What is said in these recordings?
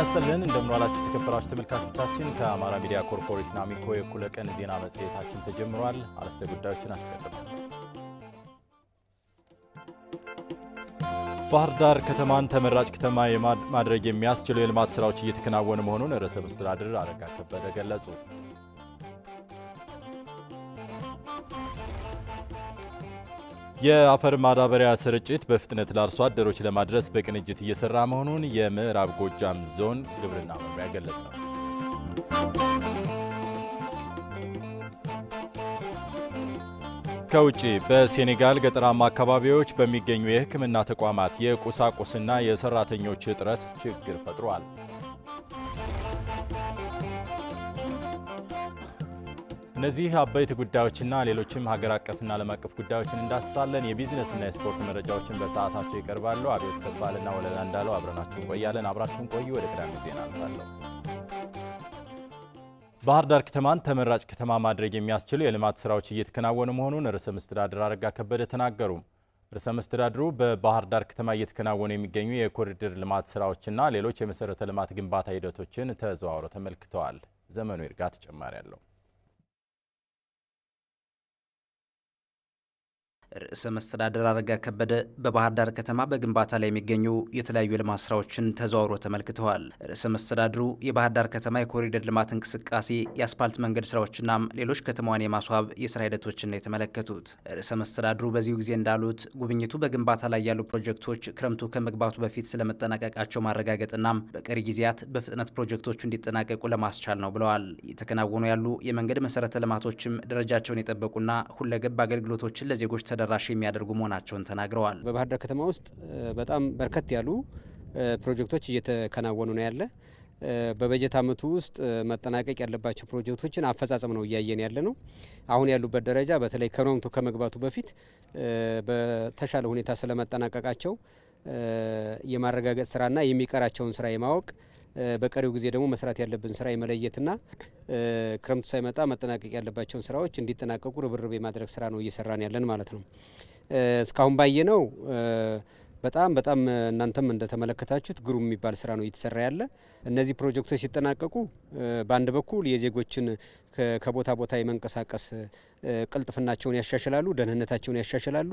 ጤና ይስጥልን እንደምንዋላችሁ የተከበራችሁ ተመልካቾቻችን ከአማራ ሚዲያ ኮርፖሬትና አሚኮ የእኩለ ቀን ዜና መጽሔታችን ተጀምሯል። አርዕስተ ጉዳዮችን አስቀድማል። ባህር ዳር ከተማን ተመራጭ ከተማ ማድረግ የሚያስችሉ የልማት ስራዎች እየተከናወኑ መሆኑን ርዕሰ መስተዳድር አረጋ ከበደ ገለጹ። የአፈር ማዳበሪያ ስርጭት በፍጥነት ለአርሶ አደሮች ለማድረስ በቅንጅት እየሰራ መሆኑን የምዕራብ ጎጃም ዞን ግብርና መምሪያ ገለጸ። ከውጭ በሴኔጋል ገጠራማ አካባቢዎች በሚገኙ የሕክምና ተቋማት የቁሳቁስና የሰራተኞች እጥረት ችግር ፈጥሯል። እነዚህ አበይት ጉዳዮችና ሌሎችም ሀገር አቀፍና ዓለም አቀፍ ጉዳዮችን እንዳስሳለን። የቢዝነስና የስፖርት መረጃዎችን በሰዓታቸው ይቀርባሉ። አብዮት ከፋልና ወለላ እንዳለው አብረናችሁ እንቆያለን። አብራችሁን ቆዩ። ወደ ቀዳሚ ዜና አልፋለሁ። ባህር ዳር ከተማን ተመራጭ ከተማ ማድረግ የሚያስችሉ የልማት ስራዎች እየተከናወኑ መሆኑን ርዕሰ መስተዳድር አረጋ ከበደ ተናገሩ። ርዕሰ መስተዳድሩ በባህር ዳር ከተማ እየተከናወኑ የሚገኙ የኮሪደር ልማት ስራዎችና ሌሎች የመሰረተ ልማት ግንባታ ሂደቶችን ተዘዋውረው ተመልክተዋል። ዘመኑ ይርጋ ተጨማሪ አለው። ርዕሰ መስተዳደር አረጋ ከበደ በባህር ዳር ከተማ በግንባታ ላይ የሚገኙ የተለያዩ የልማት ስራዎችን ተዘዋውሮ ተመልክተዋል። ርዕሰ መስተዳድሩ የባህር ዳር ከተማ የኮሪደር ልማት እንቅስቃሴ፣ የአስፓልት መንገድ ስራዎችና ሌሎች ከተማዋን የማስዋብ የስራ ሂደቶችን ነው የተመለከቱት። ርዕሰ መስተዳድሩ በዚሁ ጊዜ እንዳሉት ጉብኝቱ በግንባታ ላይ ያሉ ፕሮጀክቶች ክረምቱ ከመግባቱ በፊት ስለመጠናቀቃቸው ማረጋገጥናም በቀሪ ጊዜያት በፍጥነት ፕሮጀክቶቹ እንዲጠናቀቁ ለማስቻል ነው ብለዋል። እየተከናወኑ ያሉ የመንገድ መሰረተ ልማቶችም ደረጃቸውን የጠበቁና ሁለገብ አገልግሎቶችን ለዜጎች ተደ ተደራሽ የሚያደርጉ መሆናቸውን ተናግረዋል። በባህር ዳር ከተማ ውስጥ በጣም በርከት ያሉ ፕሮጀክቶች እየተከናወኑ ነው ያለ በበጀት ዓመቱ ውስጥ መጠናቀቅ ያለባቸው ፕሮጀክቶችን አፈጻጸም ነው እያየን ያለ ነው። አሁን ያሉበት ደረጃ በተለይ ክረምቱ ከመግባቱ በፊት በተሻለ ሁኔታ ስለመጠናቀቃቸው የማረጋገጥ ስራና የሚቀራቸውን ስራ የማወቅ በቀሪው ጊዜ ደግሞ መስራት ያለብን ስራ የመለየትና ክረምቱ ሳይመጣ መጠናቀቅ ያለባቸውን ስራዎች እንዲጠናቀቁ ርብርብ የማድረግ ስራ ነው እየሰራን ያለን ማለት ነው። እስካሁን ባየ ነው በጣም በጣም እናንተም እንደተመለከታችሁት ግሩም የሚባል ስራ ነው እየተሰራ ያለ። እነዚህ ፕሮጀክቶች ሲጠናቀቁ በአንድ በኩል የዜጎችን ከቦታ ቦታ የመንቀሳቀስ ቅልጥፍናቸውን ያሻሽላሉ፣ ደህንነታቸውን ያሻሽላሉ።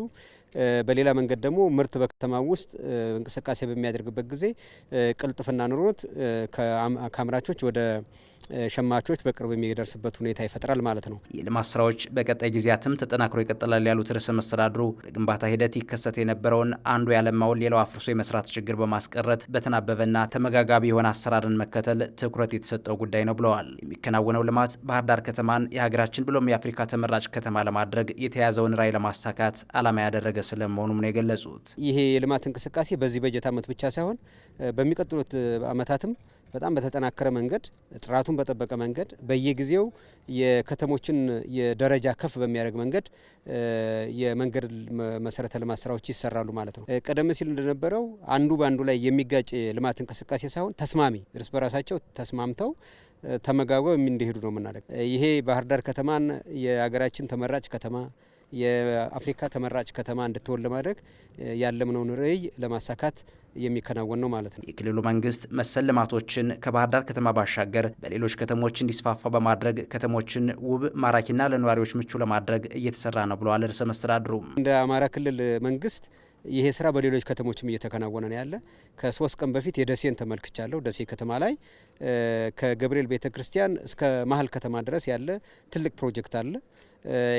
በሌላ መንገድ ደግሞ ምርት በከተማ ውስጥ እንቅስቃሴ በሚያደርግበት ጊዜ ቅልጥፍና ኑሮት ከአምራቾች ወደ ሸማቾች በቅርብ የሚደርስበት ሁኔታ ይፈጥራል ማለት ነው። የልማት ስራዎች በቀጣይ ጊዜያትም ተጠናክሮ ይቀጥላል ያሉት ርዕሰ መስተዳድሩ በግንባታ ሂደት ይከሰት የነበረውን አንዱ ያለማውን ሌላው አፍርሶ የመስራት ችግር በማስቀረት በተናበበና ተመጋጋቢ የሆነ አሰራርን መከተል ትኩረት የተሰጠው ጉዳይ ነው ብለዋል። የሚከናወነው ልማት ባህር ዳር ከተማን የሀገራችን ብሎም የአፍሪካ ተመራጭ ከተማ ለማድረግ የተያዘውን ራዕይ ለማሳካት ዓላማ ያደረገ ስለመሆኑም ነው የገለጹት። ይሄ የልማት እንቅስቃሴ በዚህ በጀት ዓመት ብቻ ሳይሆን በሚቀጥሉት ዓመታትም በጣም በተጠናከረ መንገድ ጥራቱን በጠበቀ መንገድ በየጊዜው የከተሞችን የደረጃ ከፍ በሚያደርግ መንገድ የመንገድ መሰረተ ልማት ስራዎች ይሰራሉ ማለት ነው። ቀደም ሲል እንደነበረው አንዱ በአንዱ ላይ የሚጋጭ ልማት እንቅስቃሴ ሳይሆን ተስማሚ እርስ በራሳቸው ተስማምተው ተመጋግበው እንዲሄዱ ነው የምናደርግ። ይሄ ባህር ዳር ከተማን የሀገራችን ተመራጭ ከተማ የአፍሪካ ተመራጭ ከተማ እንድትሆን ለማድረግ ያለምነውን ርዕይ ለማሳካት የሚከናወን ነው ማለት ነው። የክልሉ መንግስት መሰል ልማቶችን ከባህር ዳር ከተማ ባሻገር በሌሎች ከተሞች እንዲስፋፋ በማድረግ ከተሞችን ውብ፣ ማራኪና ለነዋሪዎች ምቹ ለማድረግ እየተሰራ ነው ብለዋል ርዕሰ መስተዳድሩ። እንደ አማራ ክልል መንግስት ይሄ ስራ በሌሎች ከተሞችም እየተከናወነ ነው ያለ። ከሶስት ቀን በፊት የደሴን ተመልክቻለሁ። ደሴ ከተማ ላይ ከገብርኤል ቤተ ክርስቲያን እስከ መሀል ከተማ ድረስ ያለ ትልቅ ፕሮጀክት አለ።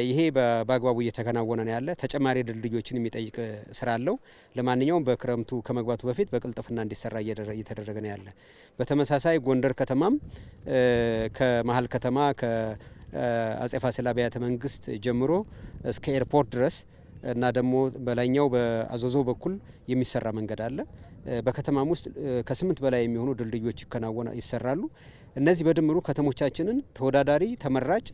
ይሄ በአግባቡ እየተከናወነ ነው ያለ። ተጨማሪ ድልድዮችን የሚጠይቅ ስራ አለው። ለማንኛውም በክረምቱ ከመግባቱ በፊት በቅልጥፍና እንዲሰራ እየተደረገ ነው ያለ። በተመሳሳይ ጎንደር ከተማም ከመሀል ከተማ ከአጼ ፋሲል አብያተ መንግስት ጀምሮ እስከ ኤርፖርት ድረስ እና ደግሞ በላይኛው በአዘዞ በኩል የሚሰራ መንገድ አለ። በከተማም ውስጥ ከስምንት በላይ የሚሆኑ ድልድዮች ይከናወና ይሰራሉ። እነዚህ በድምሩ ከተሞቻችንን ተወዳዳሪ፣ ተመራጭ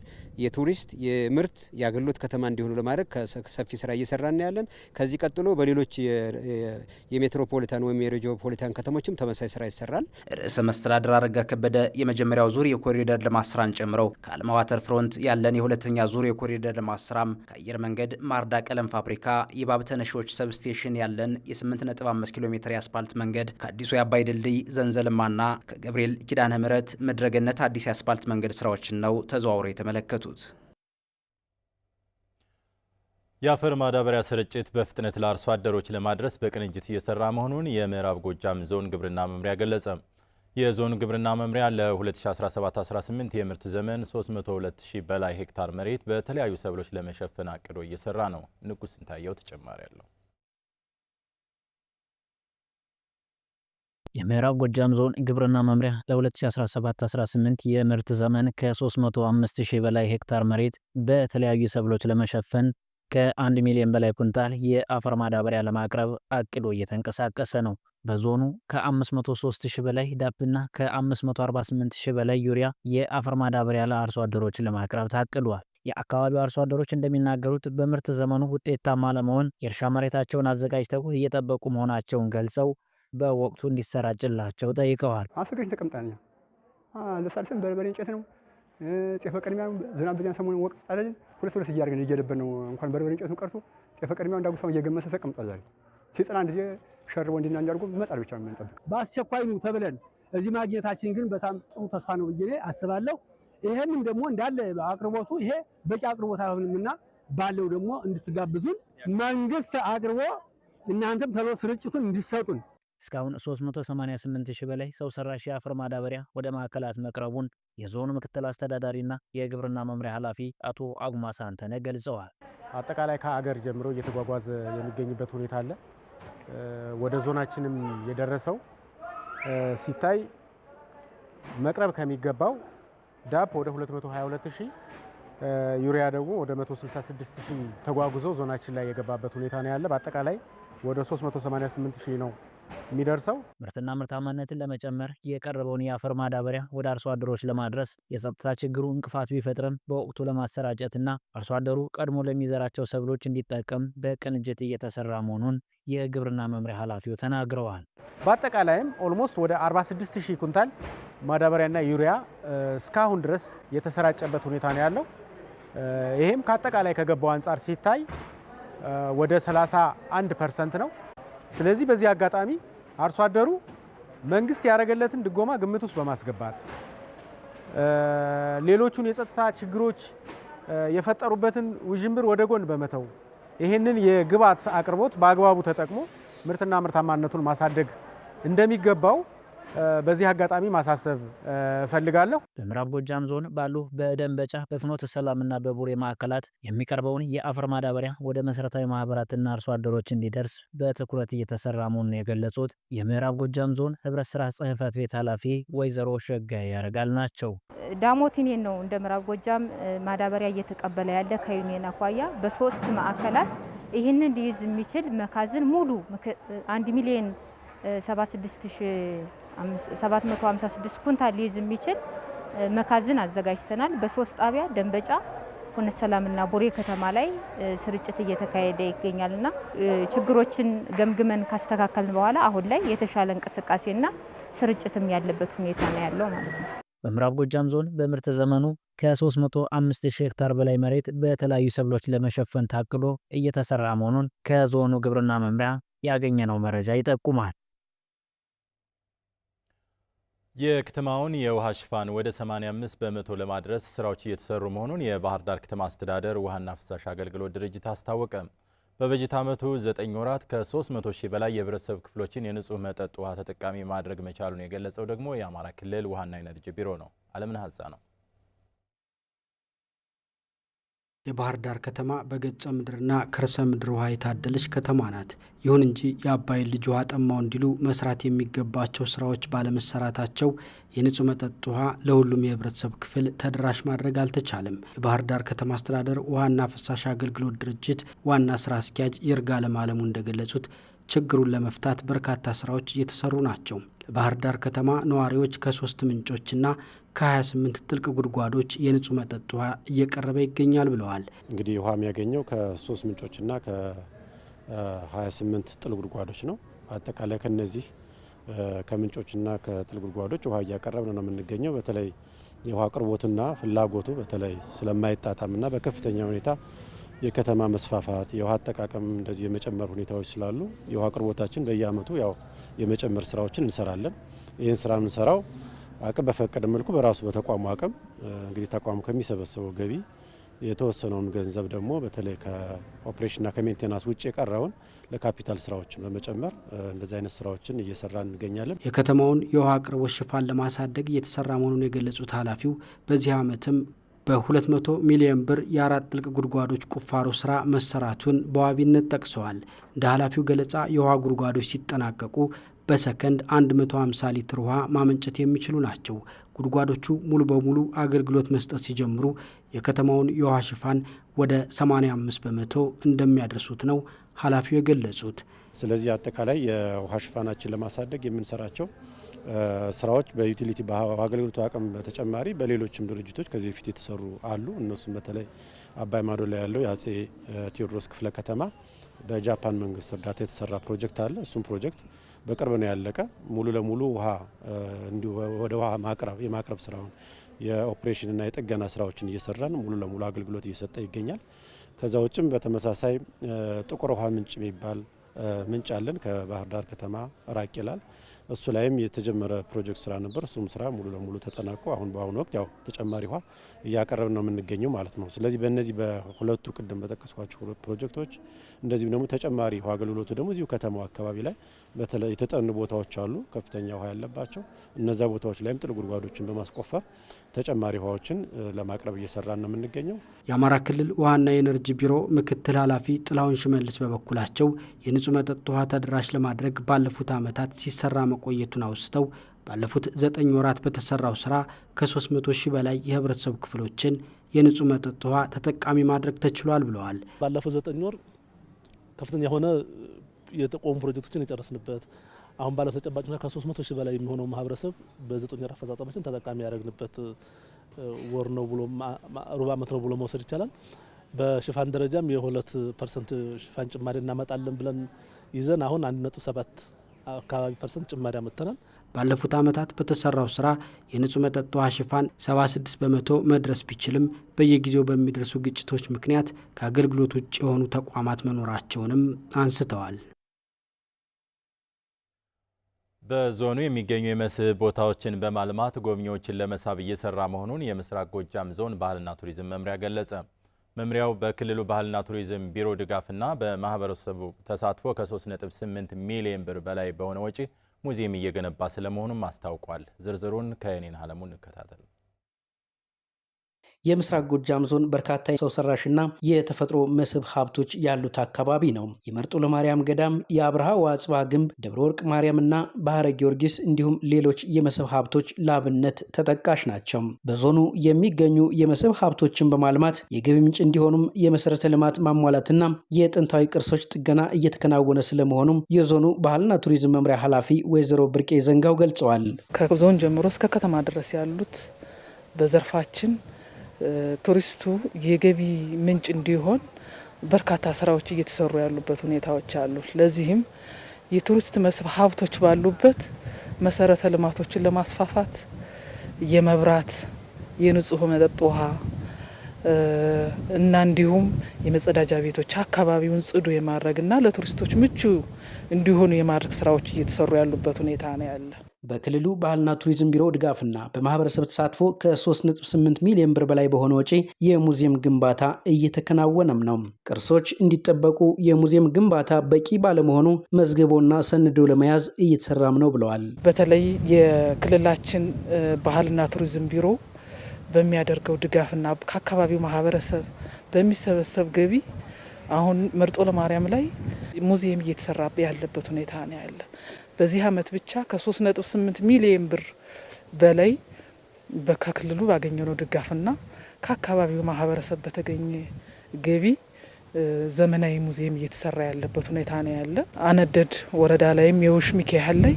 የቱሪስት የምርት የአገልግሎት ከተማ እንዲሆኑ ለማድረግ ሰፊ ስራ እየሰራን ያለን። ከዚህ ቀጥሎ በሌሎች የሜትሮፖሊታን ወይም የሬጂዮፖሊታን ከተሞችም ተመሳሳይ ስራ ይሰራል። ርዕሰ መስተዳድር አረጋ ከበደ የመጀመሪያው ዙር የኮሪደር ልማት ስራን ጨምረው ከአልማ ዋተር ፍሮንት ያለን የሁለተኛ ዙር የኮሪደር ልማት ስራም ከአየር መንገድ ማርዳ ቀለም ፋብሪካ የባብተነሺዎች ሰብስቴሽን ያለን የ8.5 ኪሎ ሜትር ያስፋል የአስፓልት መንገድ ከአዲሱ የአባይ ድልድይ ዘንዘልማና ከገብርኤል ኪዳነ ምሕረት መድረገነት አዲስ የአስፓልት መንገድ ስራዎችን ነው ተዘዋውረው የተመለከቱት። የአፈር ማዳበሪያ ስርጭት በፍጥነት ለአርሶ አደሮች ለማድረስ በቅንጅት እየሰራ መሆኑን የምዕራብ ጎጃም ዞን ግብርና መምሪያ ገለጸ። የዞኑ ግብርና መምሪያ ለ2017-18 የምርት ዘመን 320 በላይ ሄክታር መሬት በተለያዩ ሰብሎች ለመሸፈን አቅዶ እየሰራ ነው። ንጉስ ስንታየው ተጨማሪ አለው። የምዕራብ ጎጃም ዞን ግብርና መምሪያ ለ2017-18 የምርት ዘመን ከ305 ሺህ በላይ ሄክታር መሬት በተለያዩ ሰብሎች ለመሸፈን ከ1 ሚሊዮን በላይ ኩንታል የአፈር ማዳበሪያ ለማቅረብ አቅዶ እየተንቀሳቀሰ ነው። በዞኑ ከ503 ሺህ በላይ ዳፕና ከ548 ሺህ በላይ ዩሪያ የአፈር ማዳበሪያ ለአርሶ አደሮች ለማቅረብ ታቅዷል። የአካባቢው አርሶ አደሮች እንደሚናገሩት በምርት ዘመኑ ውጤታማ ለመሆን የእርሻ መሬታቸውን አዘጋጅተው እየጠበቁ መሆናቸውን ገልጸው በወቅቱ እንዲሰራጭላቸው ጠይቀዋል። አሰጋጅ ተቀምጣል ለሳልስም በርበሬ እንጨት ነው ጤፈ ቅድሚያ ዝናብ በዚያን ሰሞኑን ወቅት ጻለል ሁለት ሁለት እያደረግን እየደበን ነው። እንኳን በርበሬ እንጨቱን ቀርቶ ጤፈ ቅድሚያ እንዳጉሳው እየገመሰ ተቀምጧል። ዛሬ ሲጥላ አንድ ጊዜ ሸርቦ እንዲና እንዲያርጎ መጣል ብቻ ነው የምንጠብቅ። በአስቸኳይ ነው ተብለን እዚህ ማግኘታችን ግን በጣም ጥሩ ተስፋ ነው ብዬ አስባለሁ። ይህንም ደግሞ እንዳለ አቅርቦቱ ይሄ በቂ አቅርቦት አይሆንም ባለው ደግሞ እንድትጋብዙን መንግስት አቅርቦ እናንተም ተሎ ስርጭቱን እንዲሰጡን እስካሁን 388 ሺህ በላይ ሰው ሰራሽ የአፈር ማዳበሪያ ወደ ማዕከላት መቅረቡን የዞኑ ምክትል አስተዳዳሪና የግብርና መምሪያ ኃላፊ አቶ አጉማሳን ሳንተነ ገልጸዋል። አጠቃላይ ከአገር ጀምሮ እየተጓጓዘ የሚገኝበት ሁኔታ አለ። ወደ ዞናችንም የደረሰው ሲታይ መቅረብ ከሚገባው ዳፕ ወደ 222 ሺህ ዩሪያ ደግሞ ወደ 166 ሺህ ተጓጉዞ ዞናችን ላይ የገባበት ሁኔታ ነው ያለ። በአጠቃላይ ወደ 388 ሺህ ነው የሚደርሰው ምርትና ምርታማነትን ለመጨመር የቀረበውን የአፈር ማዳበሪያ ወደ አርሶ አደሮች ለማድረስ የጸጥታ ችግሩ እንቅፋት ቢፈጥርም በወቅቱ ለማሰራጨትና አርሶ አደሩ ቀድሞ ለሚዘራቸው ሰብሎች እንዲጠቀም በቅንጅት እየተሰራ መሆኑን የግብርና መምሪያ ኃላፊው ተናግረዋል። በአጠቃላይም ኦልሞስት ወደ 46 ሺህ ኩንታል ማዳበሪያና ዩሪያ እስካሁን ድረስ የተሰራጨበት ሁኔታ ነው ያለው። ይህም ከአጠቃላይ ከገባው አንጻር ሲታይ ወደ 31 ፐርሰንት ነው። ስለዚህ በዚህ አጋጣሚ አርሶ አደሩ መንግስት ያደረገለትን ድጎማ ግምት ውስጥ በማስገባት ሌሎቹን የጸጥታ ችግሮች የፈጠሩበትን ውዥንብር ወደ ጎን በመተው ይህንን የግብዓት አቅርቦት በአግባቡ ተጠቅሞ ምርትና ምርታማነቱን ማሳደግ እንደሚገባው በዚህ አጋጣሚ ማሳሰብ እፈልጋለሁ። በምዕራብ ጎጃም ዞን ባሉ በደንበጫ በፍኖተ ሰላምና በቡሬ ማዕከላት የሚቀርበውን የአፈር ማዳበሪያ ወደ መሰረታዊ ማህበራትና አርሶ አደሮች እንዲደርስ በትኩረት እየተሰራ መሆኑን የገለጹት የምዕራብ ጎጃም ዞን ህብረት ስራ ጽህፈት ቤት ኃላፊ ወይዘሮ ሸጋ ያደርጋል ናቸው። ዳሞቲኔን ነው እንደ ምዕራብ ጎጃም ማዳበሪያ እየተቀበለ ያለ ከዩኒየን አኳያ በሶስት ማዕከላት ይህንን ሊይዝ የሚችል መካዝን ሙሉ አንድ ሚሊየን 76 756 ኩንታል ሊይዝ የሚችል መካዝን አዘጋጅተናል። በሶስት ጣቢያ ደንበጫ፣ ኩነት ሰላምና ቡሬ ከተማ ላይ ስርጭት እየተካሄደ ይገኛልና ችግሮችን ገምግመን ካስተካከልን በኋላ አሁን ላይ የተሻለ እንቅስቃሴና ስርጭትም ያለበት ሁኔታ ነው ያለው ማለት ነው። በምዕራብ ጎጃም ዞን በምርት ዘመኑ ከ305 ሺህ ሄክታር በላይ መሬት በተለያዩ ሰብሎች ለመሸፈን ታቅዶ እየተሰራ መሆኑን ከዞኑ ግብርና መምሪያ ያገኘነው መረጃ ይጠቁማል። የከተማውን የውሃ ሽፋን ወደ 85 በመቶ ለማድረስ ስራዎች እየተሰሩ መሆኑን የባህር ዳር ከተማ አስተዳደር ውሃና ፍሳሽ አገልግሎት ድርጅት አስታወቀ። በበጀት ዓመቱ 9 ወራት ከ300 ሺህ በላይ የህብረተሰብ ክፍሎችን የንጹህ መጠጥ ውሃ ተጠቃሚ ማድረግ መቻሉን የገለጸው ደግሞ የአማራ ክልል ውሃና ኢነርጂ ቢሮ ነው። አለምነህ ሀጻ ነው። የባህር ዳር ከተማ በገጸ ምድርና ከርሰ ምድር ውሃ የታደለች ከተማ ናት። ይሁን እንጂ የአባይን ልጅ ውሃ ጠማው እንዲሉ መስራት የሚገባቸው ስራዎች ባለመሰራታቸው የንጹህ መጠጥ ውሃ ለሁሉም የህብረተሰብ ክፍል ተደራሽ ማድረግ አልተቻለም። የባህር ዳር ከተማ አስተዳደር ውሃና ፍሳሽ አገልግሎት ድርጅት ዋና ስራ አስኪያጅ ይርጋ ለማለሙ እንደገለጹት ችግሩን ለመፍታት በርካታ ስራዎች እየተሰሩ ናቸው። ለባህር ዳር ከተማ ነዋሪዎች ከሶስት ምንጮችና ከ28 ጥልቅ ጉድጓዶች የንጹህ መጠጥ ውሃ እየቀረበ ይገኛል ብለዋል። እንግዲህ ውሃ የሚያገኘው ከሶስት ምንጮችና ከ28 ጥልቅ ጉድጓዶች ነው። አጠቃላይ ከነዚህ ከምንጮችና ከጥልቅ ጉድጓዶች ውሃ እያቀረብ ነው የምንገኘው። በተለይ የውሃ አቅርቦትና ፍላጎቱ በተለይ ስለማይጣጣምና በከፍተኛ ሁኔታ የከተማ መስፋፋት፣ የውሃ አጠቃቀም እንደዚህ የመጨመር ሁኔታዎች ስላሉ የውሃ አቅርቦታችን በየአመቱ ያው የመጨመር ስራዎችን እንሰራለን። ይህን ስራ የምንሰራው አቅም በፈቀደ መልኩ በራሱ በተቋሙ አቅም እንግዲህ ተቋሙ ከሚሰበሰበው ገቢ የተወሰነውን ገንዘብ ደግሞ በተለይ ከኦፕሬሽንና ከሜንቴናንስ ውጭ የቀረውን ለካፒታል ስራዎችን በመጨመር እንደዚህ አይነት ስራዎችን እየሰራ እንገኛለን። የከተማውን የውሃ አቅርቦት ሽፋን ለማሳደግ እየተሰራ መሆኑን የገለጹት ኃላፊው በዚህ አመትም በ200 ሚሊዮን ብር የአራት ጥልቅ ጉድጓዶች ቁፋሮ ስራ መሰራቱን በዋቢነት ጠቅሰዋል። እንደ ኃላፊው ገለጻ የውሃ ጉድጓዶች ሲጠናቀቁ በሰከንድ 150 ሊትር ውሃ ማመንጨት የሚችሉ ናቸው። ጉድጓዶቹ ሙሉ በሙሉ አገልግሎት መስጠት ሲጀምሩ የከተማውን የውሃ ሽፋን ወደ 85 በመቶ እንደሚያደርሱት ነው ኃላፊው የገለጹት። ስለዚህ አጠቃላይ የውሃ ሽፋናችን ለማሳደግ የምንሰራቸው ስራዎች በዩቲሊቲ በአገልግሎቱ አቅም በተጨማሪ በሌሎችም ድርጅቶች ከዚህ በፊት የተሰሩ አሉ። እነሱም በተለይ አባይ ማዶ ላይ ያለው የአጼ ቴዎድሮስ ክፍለ ከተማ በጃፓን መንግስት እርዳታ የተሰራ ፕሮጀክት አለ። እሱም ፕሮጀክት በቅርብ ነው ያለቀ። ሙሉ ለሙሉ ውሃ ወደ ውሃ ማቅረብ የማቅረብ ስራውን የኦፕሬሽንና የጥገና ስራዎችን እየሰራን ሙሉ ለሙሉ አገልግሎት እየሰጠ ይገኛል። ከዛ ውጭም በተመሳሳይ ጥቁር ውሃ ምንጭ የሚባል ምንጭ አለን። ከባህር ዳር ከተማ ራቅ ይላል። እሱ ላይም የተጀመረ ፕሮጀክት ስራ ነበር። እሱም ስራ ሙሉ ለሙሉ ተጠናቆ አሁን በአሁኑ ወቅት ያው ተጨማሪ ውሃ እያቀረብን ነው የምንገኘው ማለት ነው። ስለዚህ በእነዚህ በሁለቱ ቅድም በጠቀስኳቸው ሁለት ፕሮጀክቶች እንደዚሁም ደግሞ ተጨማሪ ውሃ አገልግሎቱ ደግሞ እዚሁ ከተማው አካባቢ ላይ በተለይ የተጠኑ ቦታዎች አሉ፣ ከፍተኛ ውሃ ያለባቸው እነዛ ቦታዎች ላይም ጥልቅ ጉድጓዶችን በማስቆፈር ተጨማሪ ውሃዎችን ለማቅረብ እየሰራ ነው የምንገኘው። የአማራ ክልል ውሃና የኤነርጂ ቢሮ ምክትል ኃላፊ ጥላሁን ሽመልስ በበኩላቸው የንጹህ መጠጥ ውሃ ተደራሽ ለማድረግ ባለፉት ዓመታት ሲሰራ መቆየቱን አውስተው ባለፉት ዘጠኝ ወራት በተሰራው ስራ ከ300 ሺህ በላይ የህብረተሰብ ክፍሎችን የንጹህ መጠጥ ውሃ ተጠቃሚ ማድረግ ተችሏል ብለዋል። ባለፉት ዘጠኝ ወር ከፍተኛ የሆነ የተቆሙ ፕሮጀክቶችን የጨረስንበት አሁን ባለ ተጨባጭ ከ300 ሺህ በላይ የሚሆነው ማህበረሰብ በዘጠኝ ወር አፈጻጸማችን ተጠቃሚ ያደረግንበት ወር ነው ብሎ ሩብ ዓመት ነው ብሎ መውሰድ ይቻላል። በሽፋን ደረጃም የሁለት ፐርሰንት ሽፋን ጭማሪ እናመጣለን ብለን ይዘን አሁን አንድ ነጥብ ሰባት አካባቢ ፐርሰንት ጭማሪ አመጥተናል። ባለፉት ዓመታት በተሰራው ስራ የንጹህ መጠጥ ውሃ ሽፋን 76 በመቶ መድረስ ቢችልም በየጊዜው በሚደርሱ ግጭቶች ምክንያት ከአገልግሎት ውጭ የሆኑ ተቋማት መኖራቸውንም አንስተዋል። በዞኑ የሚገኙ የመስህብ ቦታዎችን በማልማት ጎብኚዎችን ለመሳብ እየሰራ መሆኑን የምስራቅ ጎጃም ዞን ባህልና ቱሪዝም መምሪያ ገለጸ። መምሪያው በክልሉ ባህልና ቱሪዝም ቢሮ ድጋፍና በማህበረሰቡ ተሳትፎ ከ3.8 ሚሊዮን ብር በላይ በሆነ ወጪ ሙዚየም እየገነባ ስለመሆኑም አስታውቋል። ዝርዝሩን ከእኔን አለሙ እንከታተል። የምስራቅ ጎጃም ዞን በርካታ ሰው ሰራሽና የተፈጥሮ መስህብ ሀብቶች ያሉት አካባቢ ነው። የመርጦ ለማርያም ገዳም፣ የአብርሃ ዋጽባ ግንብ፣ ደብረ ወርቅ ማርያምና ባህረ ጊዮርጊስ እንዲሁም ሌሎች የመስህብ ሀብቶች ላብነት ተጠቃሽ ናቸው። በዞኑ የሚገኙ የመስህብ ሀብቶችን በማልማት የገቢ ምንጭ እንዲሆኑም የመሰረተ ልማት ማሟላትና የጥንታዊ ቅርሶች ጥገና እየተከናወነ ስለመሆኑም የዞኑ ባህልና ቱሪዝም መምሪያ ኃላፊ ወይዘሮ ብርቄ ዘንጋው ገልጸዋል። ከዞን ጀምሮ እስከ ከተማ ድረስ ያሉት በዘርፋችን ቱሪስቱ የገቢ ምንጭ እንዲሆን በርካታ ስራዎች እየተሰሩ ያሉበት ሁኔታዎች አሉ። ለዚህም የቱሪስት መስህብ ሀብቶች ባሉበት መሰረተ ልማቶችን ለማስፋፋት የመብራት፣ የንጹህ መጠጥ ውሃ እና እንዲሁም የመጸዳጃ ቤቶች አካባቢውን ጽዱ የማድረግና ለቱሪስቶች ምቹ እንዲሆኑ የማድረግ ስራዎች እየተሰሩ ያሉበት ሁኔታ ነው ያለ። በክልሉ ባህልና ቱሪዝም ቢሮ ድጋፍና በማህበረሰብ ተሳትፎ ከ3.8 ሚሊዮን ብር በላይ በሆነ ወጪ የሙዚየም ግንባታ እየተከናወነም ነው። ቅርሶች እንዲጠበቁ የሙዚየም ግንባታ በቂ ባለመሆኑ መዝግቦና ሰንዶ ለመያዝ እየተሰራም ነው ብለዋል። በተለይ የክልላችን ባህልና ቱሪዝም ቢሮ በሚያደርገው ድጋፍና ከአካባቢው ማህበረሰብ በሚሰበሰብ ገቢ አሁን መርጦ ለማርያም ላይ ሙዚየም እየተሰራ ያለበት ሁኔታ ነው ያለ በዚህ አመት ብቻ ከ3.8 ሚሊዮን ብር በላይ ከክልሉ ባገኘነው ድጋፍና ከአካባቢው ማህበረሰብ በተገኘ ገቢ ዘመናዊ ሙዚየም እየተሰራ ያለበት ሁኔታ ነው ያለ። አነደድ ወረዳ ላይም የውሽ ሚካኤል ላይ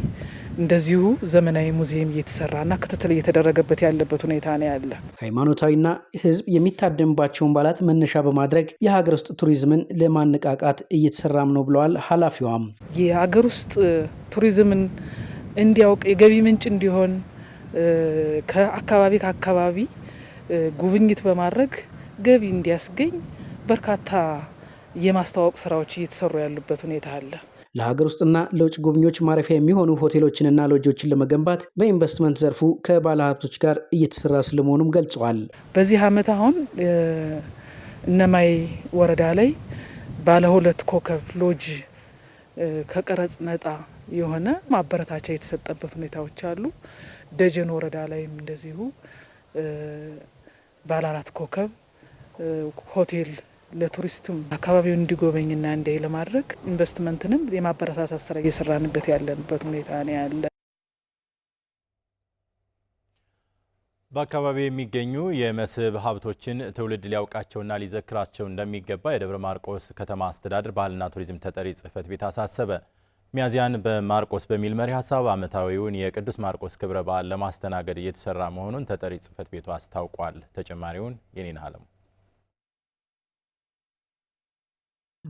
እንደዚሁ ዘመናዊ ሙዚየም እየተሰራና ክትትል እየተደረገበት ያለበት ሁኔታ ነው ያለ። ሃይማኖታዊና ህዝብ የሚታደምባቸውን በዓላት መነሻ በማድረግ የሀገር ውስጥ ቱሪዝምን ለማነቃቃት እየተሰራም ነው ብለዋል ኃላፊዋም። የሀገር ውስጥ ቱሪዝምን እንዲያውቅ የገቢ ምንጭ እንዲሆን ከአካባቢ ከአካባቢ ጉብኝት በማድረግ ገቢ እንዲያስገኝ በርካታ የማስተዋወቅ ስራዎች እየተሰሩ ያሉበት ሁኔታ አለ። ለሀገር ውስጥና ለውጭ ጎብኚዎች ማረፊያ የሚሆኑ ሆቴሎችንና ሎጆችን ለመገንባት በኢንቨስትመንት ዘርፉ ከባለሀብቶች ጋር እየተሰራ ስለመሆኑም ገልጸዋል። በዚህ አመት አሁን እነማይ ወረዳ ላይ ባለ ሁለት ኮከብ ሎጅ ከቀረጽ ነጣ የሆነ ማበረታቻ የተሰጠበት ሁኔታዎች አሉ። ደጀን ወረዳ ላይም እንደዚሁ ባለ አራት ኮከብ ሆቴል ለቱሪስትም አካባቢው እንዲጎበኝና እንዲያይ ለማድረግ ኢንቨስትመንትንም የማበረታታት ስራ እየሰራንበት ያለንበት ሁኔታ ነው ያለ። በአካባቢው የሚገኙ የመስህብ ሀብቶችን ትውልድ ሊያውቃቸውና ሊዘክራቸው እንደሚገባ የደብረ ማርቆስ ከተማ አስተዳደር ባህልና ቱሪዝም ተጠሪ ጽህፈት ቤት አሳሰበ። ሚያዚያን በማርቆስ በሚል መሪ ሀሳብ ዓመታዊውን የቅዱስ ማርቆስ ክብረ በዓል ለማስተናገድ እየተሰራ መሆኑን ተጠሪ ጽህፈት ቤቱ አስታውቋል። ተጨማሪውን የኔና አለሙ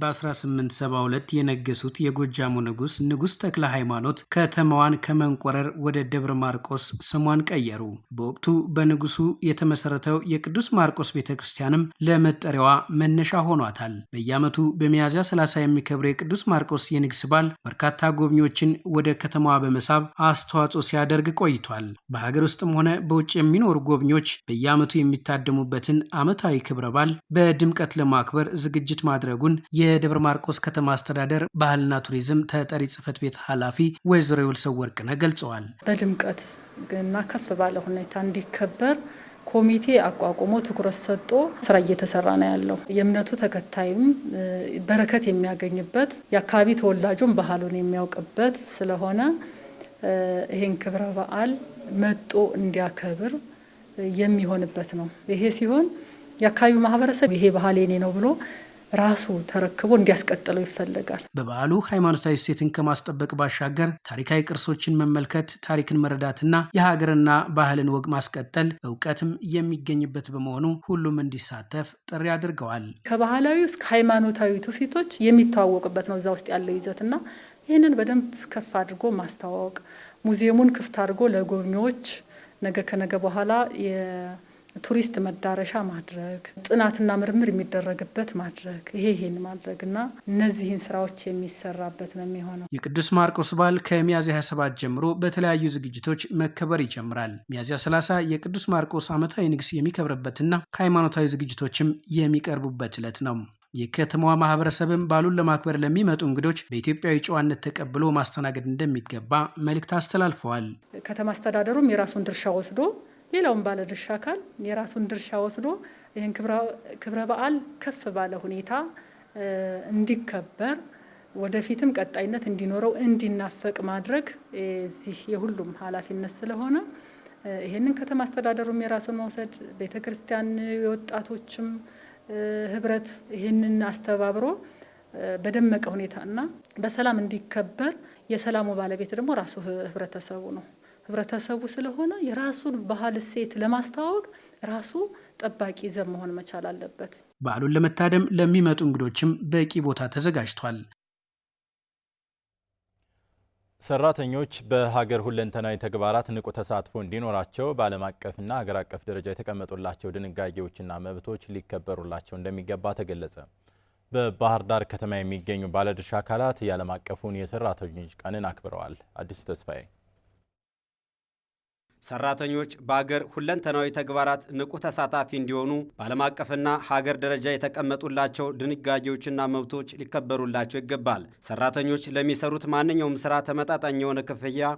በ1872 የነገሱት የጎጃሙ ንጉስ ንጉስ ተክለ ሃይማኖት ከተማዋን ከመንቆረር ወደ ደብረ ማርቆስ ስሟን ቀየሩ። በወቅቱ በንጉሱ የተመሰረተው የቅዱስ ማርቆስ ቤተ ክርስቲያንም ለመጠሪያዋ መነሻ ሆኗታል። በየዓመቱ በሚያዝያ 30 የሚከብረው የቅዱስ ማርቆስ የንግስ በዓል በርካታ ጎብኚዎችን ወደ ከተማዋ በመሳብ አስተዋጽኦ ሲያደርግ ቆይቷል። በሀገር ውስጥም ሆነ በውጭ የሚኖሩ ጎብኚዎች በየዓመቱ የሚታደሙበትን ዓመታዊ ክብረ በዓል በድምቀት ለማክበር ዝግጅት ማድረጉን የ የደብረ ማርቆስ ከተማ አስተዳደር ባህልና ቱሪዝም ተጠሪ ጽህፈት ቤት ኃላፊ ወይዘሮ የወልሰው ወርቅነህ ገልጸዋል። በድምቀት እና ከፍ ባለ ሁኔታ እንዲከበር ኮሚቴ አቋቁሞ ትኩረት ሰጥቶ ስራ እየተሰራ ነው ያለው። የእምነቱ ተከታይም በረከት የሚያገኝበት የአካባቢ ተወላጁን ባህሉን የሚያውቅበት ስለሆነ ይሄን ክብረ በዓል መጦ እንዲያከብር የሚሆንበት ነው። ይሄ ሲሆን የአካባቢው ማህበረሰብ ይሄ ባህል የኔ ነው ብሎ ራሱ ተረክቦ እንዲያስቀጥለው ይፈለጋል። በበዓሉ ሃይማኖታዊ እሴትን ከማስጠበቅ ባሻገር ታሪካዊ ቅርሶችን መመልከት፣ ታሪክን መረዳትና የሀገርና ባህልን ወግ ማስቀጠል እውቀትም የሚገኝበት በመሆኑ ሁሉም እንዲሳተፍ ጥሪ አድርገዋል። ከባህላዊ እስከ ሃይማኖታዊ ትውፊቶች የሚተዋወቅበት ነው እዛ ውስጥ ያለው ይዘትና ይህንን በደንብ ከፍ አድርጎ ማስተዋወቅ ሙዚየሙን ክፍት አድርጎ ለጎብኚዎች ነገ ከነገ በኋላ ቱሪስት መዳረሻ ማድረግ፣ ጥናትና ምርምር የሚደረግበት ማድረግ ይሄ ይሄን ማድረግ እና እነዚህን ስራዎች የሚሰራበት ነው የሚሆነው። የቅዱስ ማርቆስ በዓል ከሚያዝያ 27 ጀምሮ በተለያዩ ዝግጅቶች መከበር ይጀምራል። ሚያዝያ 30 የቅዱስ ማርቆስ ዓመታዊ ንግስ የሚከብርበትና ሃይማኖታዊ ዝግጅቶችም የሚቀርቡበት ዕለት ነው። የከተማዋ ማህበረሰብም በዓሉን ለማክበር ለሚመጡ እንግዶች በኢትዮጵያዊ ጨዋነት ተቀብሎ ማስተናገድ እንደሚገባ መልእክት አስተላልፈዋል። ከተማ አስተዳደሩም የራሱን ድርሻ ወስዶ ሌላውም ባለድርሻ አካል የራሱን ድርሻ ወስዶ ይህን ክብረ በዓል ከፍ ባለ ሁኔታ እንዲከበር ወደፊትም ቀጣይነት እንዲኖረው እንዲናፈቅ ማድረግ እዚህ የሁሉም ኃላፊነት ስለሆነ ይህንን ከተማ አስተዳደሩም የራሱን መውሰድ ቤተ ክርስቲያን የወጣቶችም ህብረት ይህንን አስተባብሮ በደመቀ ሁኔታና በሰላም እንዲከበር የሰላሙ ባለቤት ደግሞ ራሱ ህብረተሰቡ ነው። ህብረተሰቡ ስለሆነ የራሱን ባህል እሴት ለማስተዋወቅ ራሱ ጠባቂ ዘብ መሆን መቻል አለበት። በዓሉን ለመታደም ለሚመጡ እንግዶችም በቂ ቦታ ተዘጋጅቷል። ሰራተኞች በሀገር ሁለንተናዊ ተግባራት ንቁ ተሳትፎ እንዲኖራቸው በዓለም አቀፍና ሀገር አቀፍ ደረጃ የተቀመጡላቸው ድንጋጌዎችና መብቶች ሊከበሩላቸው እንደሚገባ ተገለጸ። በባህር ዳር ከተማ የሚገኙ ባለድርሻ አካላት የዓለም አቀፉን የሰራተኞች ቀንን አክብረዋል። አዲሱ ተስፋዬ ሰራተኞች በአገር ሁለንተናዊ ተግባራት ንቁ ተሳታፊ እንዲሆኑ በዓለም አቀፍና ሀገር ደረጃ የተቀመጡላቸው ድንጋጌዎችና መብቶች ሊከበሩላቸው ይገባል። ሰራተኞች ለሚሰሩት ማንኛውም ስራ ተመጣጣኝ የሆነ ክፍያ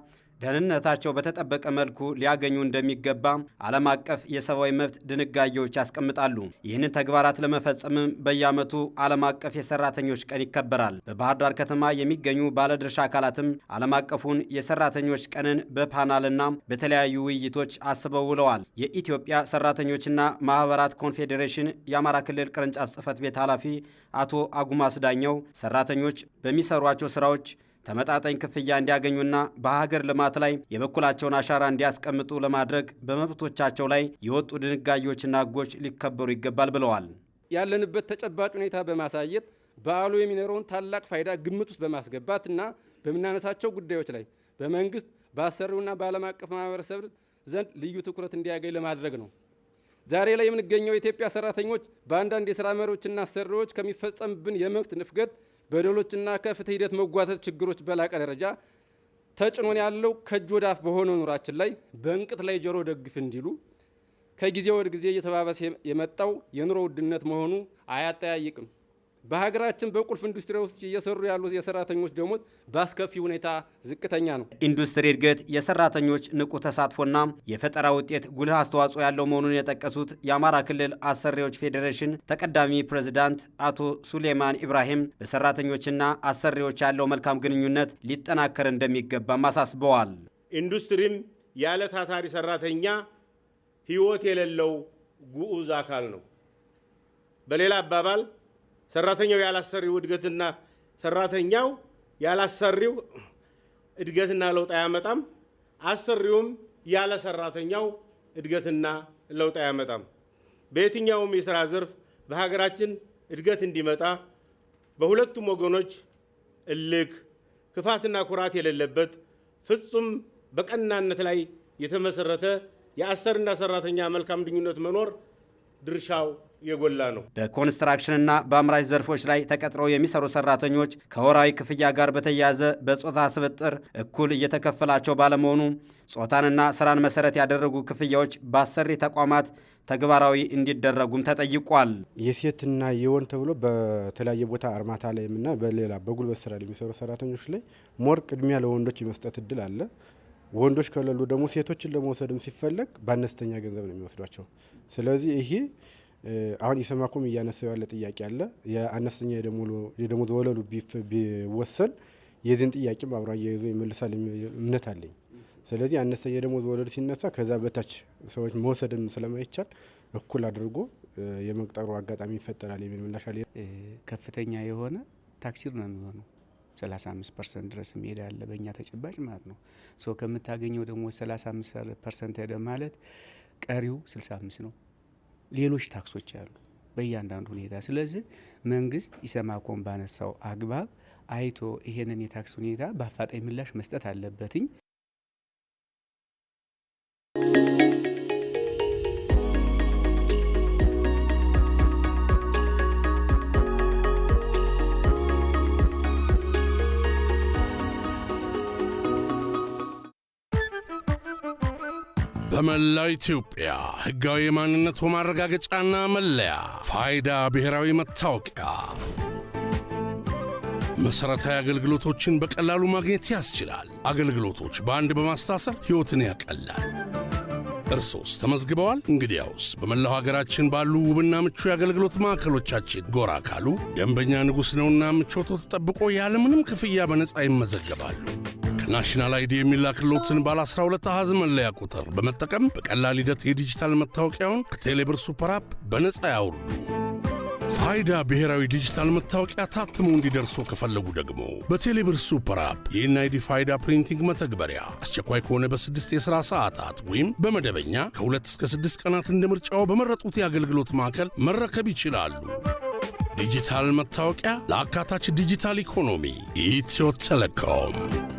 ደህንነታቸው በተጠበቀ መልኩ ሊያገኙ እንደሚገባ ዓለም አቀፍ የሰብአዊ መብት ድንጋጌዎች ያስቀምጣሉ። ይህንን ተግባራት ለመፈጸምም በየዓመቱ ዓለም አቀፍ የሰራተኞች ቀን ይከበራል። በባህር ዳር ከተማ የሚገኙ ባለድርሻ አካላትም ዓለም አቀፉን የሰራተኞች ቀንን በፓናልና በተለያዩ ውይይቶች አስበው ውለዋል። የኢትዮጵያ ሰራተኞችና ማህበራት ኮንፌዴሬሽን የአማራ ክልል ቅርንጫፍ ጽህፈት ቤት ኃላፊ አቶ አጉማስ ዳኘው ሰራተኞች በሚሰሯቸው ስራዎች ተመጣጣኝ ክፍያ እንዲያገኙና በሀገር ልማት ላይ የበኩላቸውን አሻራ እንዲያስቀምጡ ለማድረግ በመብቶቻቸው ላይ የወጡ ድንጋጌዎችና ሕጎች ሊከበሩ ይገባል ብለዋል። ያለንበት ተጨባጭ ሁኔታ በማሳየት በዓሉ የሚኖረውን ታላቅ ፋይዳ ግምት ውስጥ በማስገባት በምናነሳቸው ጉዳዮች ላይ በመንግስት በአሰሪውና በዓለም አቀፍ ማህበረሰብ ዘንድ ልዩ ትኩረት እንዲያገኝ ለማድረግ ነው። ዛሬ ላይ የምንገኘው የኢትዮጵያ ሰራተኞች በአንዳንድ የስራ መሪዎችና አሰሪዎች ከሚፈጸምብን የመብት ንፍገት በደሎችና ከፍትህ ሂደት መጓተት ችግሮች በላቀ ደረጃ ተጭኖን ያለው ከእጅ ወዳፍ በሆነ ኑራችን ላይ በእንቅት ላይ ጆሮ ደግፍ እንዲሉ ከጊዜ ወደ ጊዜ እየተባባሰ የመጣው የኑሮ ውድነት መሆኑ አያጠያይቅም። በሀገራችን በቁልፍ ኢንዱስትሪ ውስጥ እየሰሩ ያሉት የሰራተኞች ደሞዝ በአስከፊ ሁኔታ ዝቅተኛ ነው። ኢንዱስትሪ እድገት የሰራተኞች ንቁ ተሳትፎና የፈጠራ ውጤት ጉልህ አስተዋጽኦ ያለው መሆኑን የጠቀሱት የአማራ ክልል አሰሪዎች ፌዴሬሽን ተቀዳሚ ፕሬዝዳንት አቶ ሱሌማን ኢብራሂም በሰራተኞችና አሰሪዎች ያለው መልካም ግንኙነት ሊጠናከር እንደሚገባም አሳስበዋል። ኢንዱስትሪም ያለ ታታሪ ሰራተኛ ህይወት የሌለው ጉዑዝ አካል ነው። በሌላ አባባል ሰራተኛው ያላሰሪው እድገትና ሰራተኛው ያላሰሪው እድገትና ለውጥ አያመጣም። አሰሪውም ያለ ሰራተኛው እድገትና ለውጥ አያመጣም። በየትኛውም የስራ ዘርፍ በሀገራችን እድገት እንዲመጣ በሁለቱም ወገኖች እልክ፣ ክፋትና ኩራት የሌለበት ፍጹም በቀናነት ላይ የተመሰረተ የአሰሪና ሰራተኛ መልካም ግንኙነት መኖር ድርሻው የጎላ ነው። በኮንስትራክሽንና በአምራች ዘርፎች ላይ ተቀጥረው የሚሰሩ ሰራተኞች ከወራዊ ክፍያ ጋር በተያያዘ በጾታ ስብጥር እኩል እየተከፈላቸው ባለመሆኑ ጾታንና ስራን መሰረት ያደረጉ ክፍያዎች በአሰሪ ተቋማት ተግባራዊ እንዲደረጉም ተጠይቋል። የሴትና የወንድ ተብሎ በተለያየ ቦታ አርማታ ላይምና በሌላ በጉልበት ስራ የሚሰሩ ሰራተኞች ላይ ሞር ቅድሚያ ለወንዶች የመስጠት እድል አለ። ወንዶች ከሌሉ ደግሞ ሴቶችን ለመውሰድም ሲፈለግ በአነስተኛ ገንዘብ ነው የሚወስዷቸው። ስለዚህ ይሄ አሁን ኢሰማኮም እያነሳው ያለ ጥያቄ አለ። የአነስተኛ የደሞዝ ወለሉ ቢወሰን የዚህን ጥያቄም አብሮ አያይዞ ይመልሳል እምነት አለኝ። ስለዚህ አነስተኛ የደሞዝ ወለሉ ሲነሳ ከዛ በታች ሰዎች መውሰድም ስለማይቻል እኩል አድርጎ የመቅጠሩ አጋጣሚ ይፈጠራል የሚል ምላሽ አለ። ከፍተኛ የሆነ ታክሲር ነው የሚሆነው 35 ፐርሰንት ድረስ የሚሄድ አለ በእኛ ተጨባጭ ማለት ነው። ሶ ከምታገኘው ደግሞ 35 ፐርሰንት ሄደ ማለት ቀሪው 65 ነው። ሌሎች ታክሶች አሉ በእያንዳንዱ ሁኔታ። ስለዚህ መንግስት ኢሰማኮን ባነሳው አግባብ አይቶ ይሄንን የታክስ ሁኔታ በአፋጣኝ ምላሽ መስጠት አለበትኝ። በመላው ኢትዮጵያ ሕጋዊ የማንነቱ ማረጋገጫና መለያ ፋይዳ ብሔራዊ መታወቂያ መሠረታዊ አገልግሎቶችን በቀላሉ ማግኘት ያስችላል። አገልግሎቶች በአንድ በማስታሰር ሕይወትን ያቀላል። እርሶስ ተመዝግበዋል? እንግዲያውስ በመላው ሀገራችን ባሉ ውብና ምቹ የአገልግሎት ማዕከሎቻችን ጎራ ካሉ ደንበኛ ንጉሥ ነውና ምቾቶ ተጠብቆ ያለምንም ክፍያ በነፃ ይመዘገባሉ። ናሽናል አይዲ የሚላክሎትን ባለ 12 አሃዝ መለያ ቁጥር በመጠቀም በቀላል ሂደት የዲጂታል መታወቂያውን ከቴሌብር ሱፐር አፕ በነጻ ያውርዱ። ፋይዳ ብሔራዊ ዲጂታል መታወቂያ ታትሞ እንዲደርሶ ከፈለጉ ደግሞ በቴሌብር ሱፐር አፕ የኤንአይዲ ፋይዳ ፕሪንቲንግ መተግበሪያ አስቸኳይ ከሆነ በስድስት የሥራ ሰዓታት ወይም በመደበኛ ከሁለት እስከ ስድስት ቀናት እንደ ምርጫው በመረጡት የአገልግሎት ማዕከል መረከብ ይችላሉ። ዲጂታል መታወቂያ ለአካታች ዲጂታል ኢኮኖሚ ኢትዮ ቴሌኮም